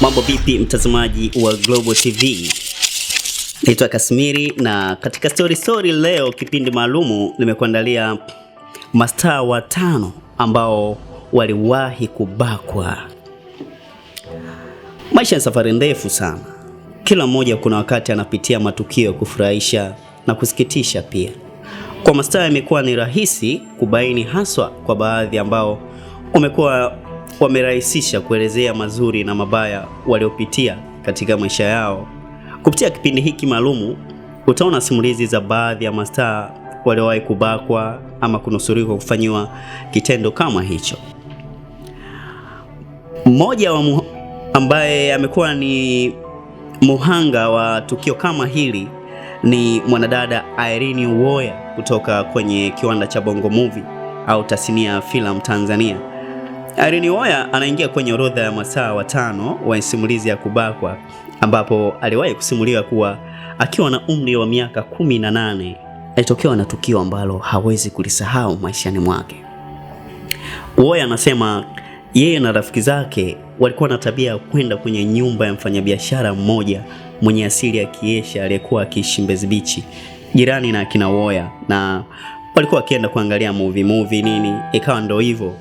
Mambo vipi mtazamaji wa Global TV? Naitwa Kasmiri na katika story story leo kipindi maalumu nimekuandalia mastaa watano ambao waliwahi kubakwa. Maisha ni safari ndefu sana. Kila mmoja kuna wakati anapitia matukio ya kufurahisha na kusikitisha pia. Kwa mastaa imekuwa ni rahisi kubaini, haswa kwa baadhi ambao umekuwa wamerahisisha kuelezea mazuri na mabaya waliopitia katika maisha yao. Kupitia kipindi hiki maalumu, utaona simulizi za baadhi ya mastaa waliowahi kubakwa ama kunusurika kufanyiwa kitendo kama hicho. Mmoja wa mu ambaye amekuwa ni muhanga wa tukio kama hili ni mwanadada Irene Uwoya kutoka kwenye kiwanda cha Bongo Movie au tasnia ya filamu Tanzania. Irene Uwoya anaingia kwenye orodha ya masaa watano wa simulizi ya kubakwa ambapo aliwahi kusimuliwa kuwa akiwa na umri wa miaka kumi na nane alitokewa na tukio ambalo hawezi kulisahau maishani mwake. Uwoya anasema yeye na rafiki zake walikuwa na tabia ya kwenda kwenye nyumba ya mfanyabiashara mmoja mwenye asili ya Kiesha aliyekuwa akiishi Mbezi Beach jirani na akina Uwoya, na walikuwa wakienda kuangalia movie movie nini, ikawa ndo hivyo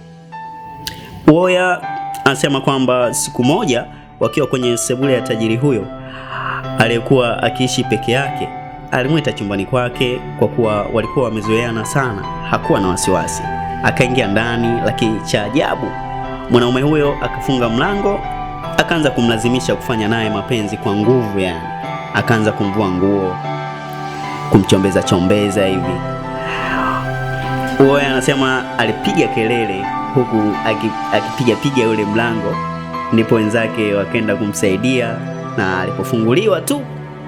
Uwoya anasema kwamba siku moja wakiwa kwenye sebule ya tajiri huyo aliyekuwa akiishi peke yake, alimwita chumbani kwake kwa kuwa walikuwa wamezoeana sana, hakuwa na wasiwasi. Akaingia ndani, lakini cha ajabu, mwanaume huyo akafunga mlango, akaanza kumlazimisha kufanya naye mapenzi kwa nguvu. Yani akaanza kumvua nguo, kumchombeza chombeza hivi. oya anasema alipiga kelele huku akipigapiga yule mlango, ndipo wenzake wakaenda kumsaidia, na alipofunguliwa tu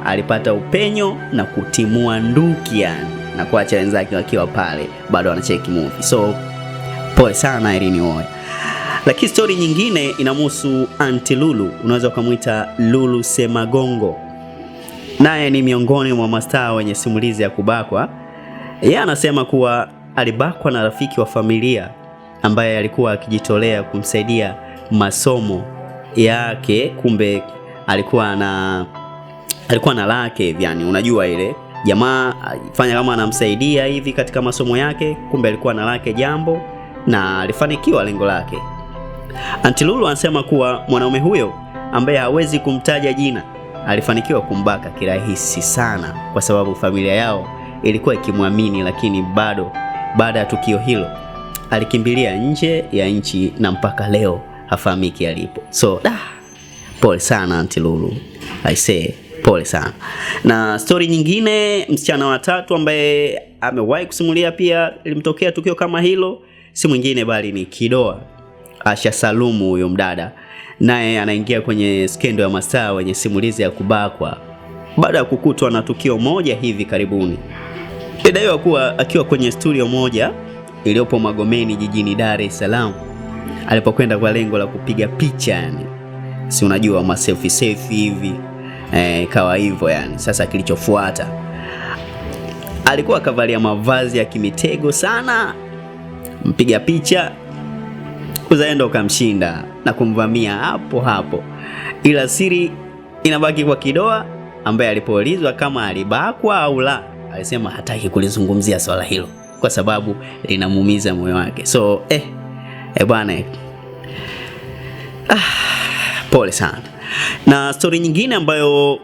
alipata upenyo na kutimua nduki yani, na kuacha wenzake wakiwa pale bado wanacheki movie. So pole sana Irene Uwoya. Lakini stori nyingine inamhusu anti Lulu, unaweza ukamwita Lulu Semagongo, naye ni miongoni mwa mastaa wenye simulizi ya kubakwa. Yeye anasema kuwa alibakwa na rafiki wa familia ambaye alikuwa akijitolea kumsaidia masomo yake, kumbe alikuwa na alikuwa na lake hivi, yani unajua ile jamaa fanya kama anamsaidia hivi katika masomo yake, kumbe alikuwa na lake jambo na alifanikiwa lengo lake. Antilulu anasema kuwa mwanaume huyo ambaye hawezi kumtaja jina alifanikiwa kumbaka kirahisi sana, kwa sababu familia yao ilikuwa ikimwamini, lakini bado baada ya tukio hilo alikimbilia nje ya nchi na mpaka leo hafahamiki alipo. So da, pole sana Aunti Lulu, I say pole sana. Na stori nyingine, msichana wa tatu ambaye amewahi kusimulia pia ilimtokea tukio kama hilo, si mwingine bali ni Kidoa Asha Salumu. Huyo mdada naye anaingia kwenye skendo ya masaa wenye simulizi ya kubakwa baada ya kukutwa na tukio moja hivi karibuni. Dada kuwa akiwa kwenye studio moja iliyopo Magomeni jijini Dar es Salaam, alipokwenda kwa lengo la kupiga picha yani, si unajua ma selfie selfie hivi eh, kawa hivyo yani. Sasa kilichofuata alikuwa akavalia mavazi ya kimitego sana, mpiga picha uzaenda ukamshinda na kumvamia hapo hapo, ila siri inabaki kwa Kidoa ambaye alipoulizwa kama alibakwa au la, alisema hataki kulizungumzia swala hilo kwa sababu linamuumiza moyo wake. So eh, eh bwana eh. ah, pole sana. Na stori nyingine ambayo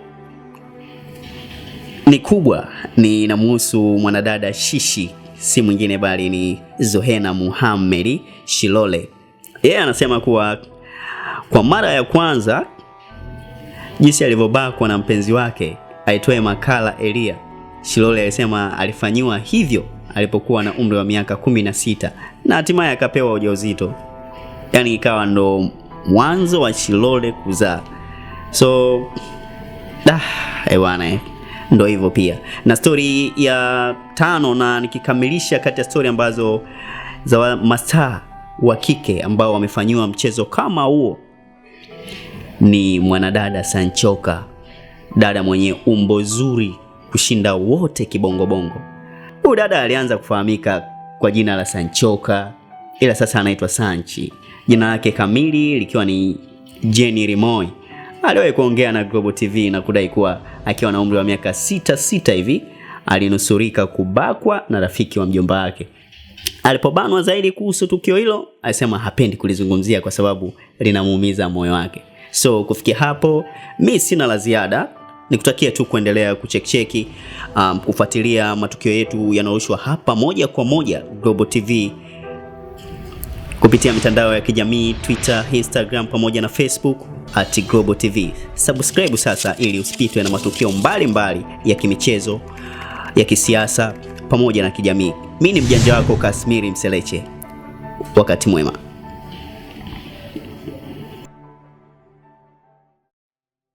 ni kubwa ni inamhusu mwanadada Shishi, si mwingine bali ni Zohena Muhammad Shilole. Yeye yeah, anasema kuwa kwa mara ya kwanza jinsi alivyobakwa na mpenzi wake aitwaye Makala Elia, Shilole alisema alifanyiwa hivyo alipokuwa na umri wa miaka kumi na sita na hatimaye akapewa ujauzito, yaani ikawa ndo mwanzo wa Shilole kuzaa. So da ewane eh. ndo hivyo pia. Na stori ya tano, na nikikamilisha kati ya stori ambazo za mastaa wa kike ambao wamefanyiwa mchezo kama huo ni mwanadada Sanchoka, dada mwenye umbo zuri kushinda wote kibongobongo. Huyu dada alianza kufahamika kwa jina la Sanchoka, ila sasa anaitwa Sanchi, jina lake kamili likiwa ni Jenny Rimoi. Aliwahi kuongea na Global TV na kudai kuwa akiwa na umri wa miaka sita sita hivi alinusurika kubakwa na rafiki wa mjomba wake. Alipobanwa zaidi kuhusu tukio hilo, alisema hapendi kulizungumzia kwa sababu linamuumiza moyo wake. So kufikia hapo, mi sina la ziada nikutakia tu kuendelea kuchekicheki, um, kufuatilia matukio yetu yanayorushwa hapa moja kwa moja Global TV kupitia mitandao ya kijamii Twitter, Instagram pamoja na Facebook at Global TV. Subscribe sasa ili usipitwe na matukio mbalimbali mbali ya kimichezo, ya kisiasa pamoja na kijamii. Mimi ni mjanja wako Kasmiri Mseleche. Wakati mwema.